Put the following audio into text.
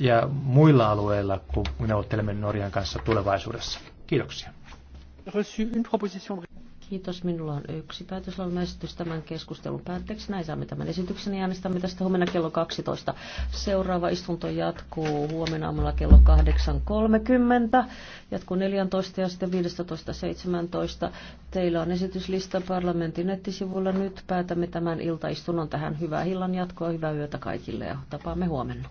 ja muilla alueilla, kun neuvottelemme Norjan kanssa tulevaisuudessa. Kiitoksia. Kiitos. Minulla on yksi päätöslaumaesitys tämän keskustelun päätteeksi. Näin saamme tämän esityksen ja äänestämme tästä huomenna kello 12. Seuraava istunto jatkuu huomenna aamulla kello 8.30. Jatkuu 14 ja sitten 15.17. Teillä on esityslista parlamentin nettisivuilla. Nyt päätämme tämän iltaistunnon tähän. Hyvää illan jatkoa, hyvää yötä kaikille ja tapaamme huomenna.